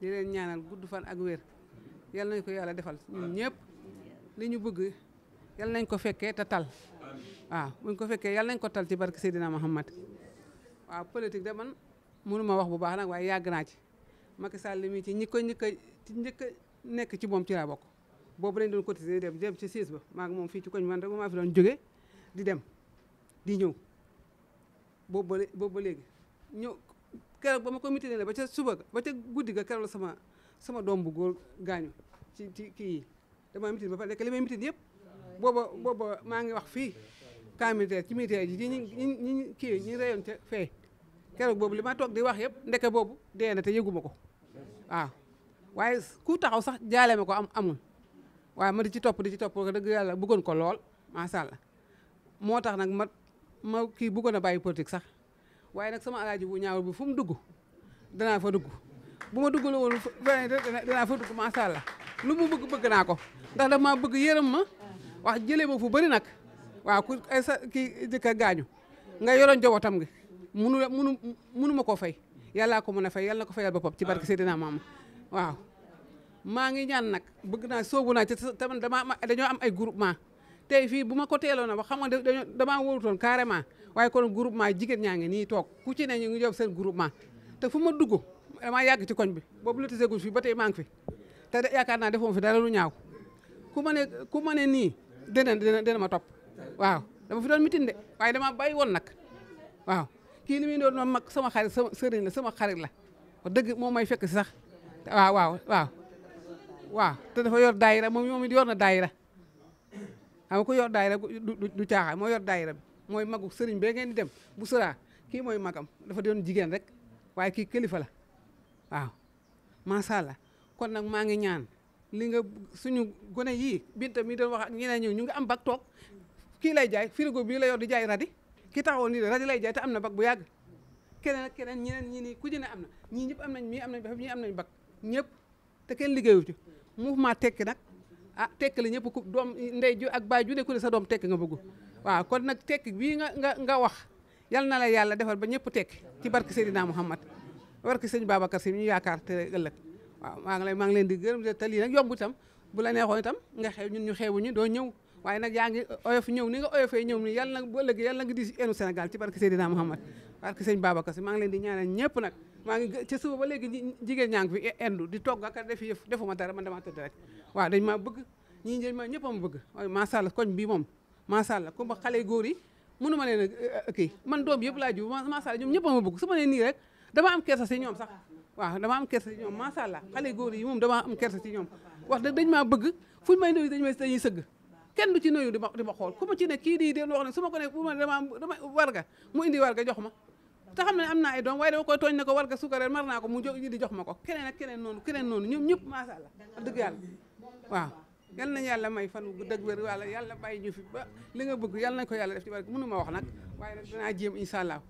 di leen ñaanal gudd fan ak wér yal nañ ko yàlla defal ñun ñëpp li ñu bëgg yal nañ ko fekkee te tal waaw buñ ko fekkee yal nañ ko tal ci barke Seydina Muhammad waaw politique de man mënuma wax bu baax nag waaye yàgg naa ci Macky Sall li mi ci ñi ko ñi ko ci njëkk nekk ci boom ci laa bokk boobu lañ doon cotiser dem dem ci ba maa moom fii ci koñ man rek maa fi doon jóge di dem di ñëw boobu ba léegi keroog ba ma ko mutilé ba ca suba ba ca guddi ga keroog sama sama doom bu góor gaañu ci ci kii yi dama mutilé ba pare lekk li may mutilé yëpp booba booba maa ngi wax fii camp ci militaire ji ñi ñi ñi kii ñi reyoon boobu li ma toog di wax yëpp ndeke boobu dee na te yëguma ko waaw waaye ku taxaw sax jaale ma ko am amul waaye ma di ci topp di ci topp dëgg yàlla buggoon ko lool macha allah moo tax nag ma ma kii buggoon a bàyyi politique sax waaye nag sama alaaji bu ñaawul bi fu mu dugg danaa fa dugg bu ma dugg la woon danaa fa dugg macha allah lu mu bëgg bëgg naa ko ndax daf maa bëgg yërëm ma wax jëlee ma fu bëri nag waaw ku sa kii jëkk a nga yoroon njabootam gi munu munu munu ma koo fay yàllaa ko mën a fay yàlla ko fayal boppam ci barke Seydina Maama waaw maa ngi ñaan nag bëgg naa soobu naa ci tamit damaa dañoo am ay groupement tey fii bu ma ko teeloon a wax xam nga dañoo damaa wóorutoon carrément waaye kon groupement jigéen ñaa ngi nii toog ku ci ne ñu ngi job seen groupement te fu ma dugg damaa yàgg ci koñ bi boobu la tisegul fii ba tey maa ngi fi te yaakaar naa defoo fi dara lu ñaaw ku ma ne ku ma ne nii dina dina ma top waaw dama fi doon mitin de waaye dama bàyyi woon nag waaw kii ni muy doon mag sama xarit sama sëriñ la sama xarit la wax dëgg moom may fekk si sax waaw waaw waaw waaw te dafa yor daayira moom moom it yor na daayira xam ku yor daayira du caaxaan moo yor daayira bi mooy magu sëriñ bee ngeen di dem bu sëraa kii mooy magam dafa doon jigéen rek waaye kii kilifa la waaw macha allah kon nag maa ngi ñaan li nga suñu gone yii binta mi doon wax ak ñeneen ñu ngi am bag toog kii lay jaay frigo bii la yor di jaay radi ki taxawoon nii de radi lay jaay te am na bag bu yàgg keneen ak keneen ñeneen ñii nii ku ci am na ñii ñëpp am nañ mii am na ba ñii am nañ bag ñëpp te kenn liggéeyu ci mouvement tekki nag ah tekk la ñëpp ku doom ndey ak baay ju ne ku ne sa doom tekk nga bëgg waaw kon nag tekk bii nga nga nga wax yal na la yàlla defal ba ñëpp tekk ci barke Seydina Muhammad barke sëñ Babacar Si ñu yaakaar te ëllëg waaw maa ngi lay maa ngi leen di gërëm te lii nag yomb itam bu la neexoon itam nga xew ñun ñu xewu ñu doo ñëw waaye nag yaa ngi oyof ñëw ni nga oyofee ñëw ni yàlla nag bu ëllëgee yàlla nga di enu Sénégal ci barke Seydina Mouhamad barke sëñ Si maa ngi leen di ñaanal ñëpp nag maa ngi ca suba ba léegi jigéen ñaa e, def yëf defuma dara man damaa maa bëgg ñii dañ maa ñëpp am bëgg macha allah koñ bi moom macha allah comme xale góor yi mënu ma leen a e, e, kii man doom yëpp laa jiw macha allah ñoom ñëpp ma bëgg su ma nee nii rek dama am kersa si ñoom sax waaw dama am kersa si ñoom macha allah xale góor yi moom dama am kersa si ñoom wax dëgg dañ maa bëgg fuñ may nuyu dañ may dañuy sëgg kenn du ci nuyu di ma di ma xool ku ma ci ne kii di deen wax ne su ma ko ne bu ma dama dama warga mu indi warga jox ma te xam ne am naa ay doom waaye dama koy tooñ ne ko warga sukareel mar naa ko mu jóg di jox ma ko keneen ak keneen noonu keneen noonu ñoom ñëpp macha allah ak dëgg yàlla yal nañu yàlla may fan gu dag wér wala yàlla bàyyi ñu fi ba li nga bëgg yàlla nañ ko yàlla def ci barke mënu ma wax nag waaye nag dinaa jéem incha allah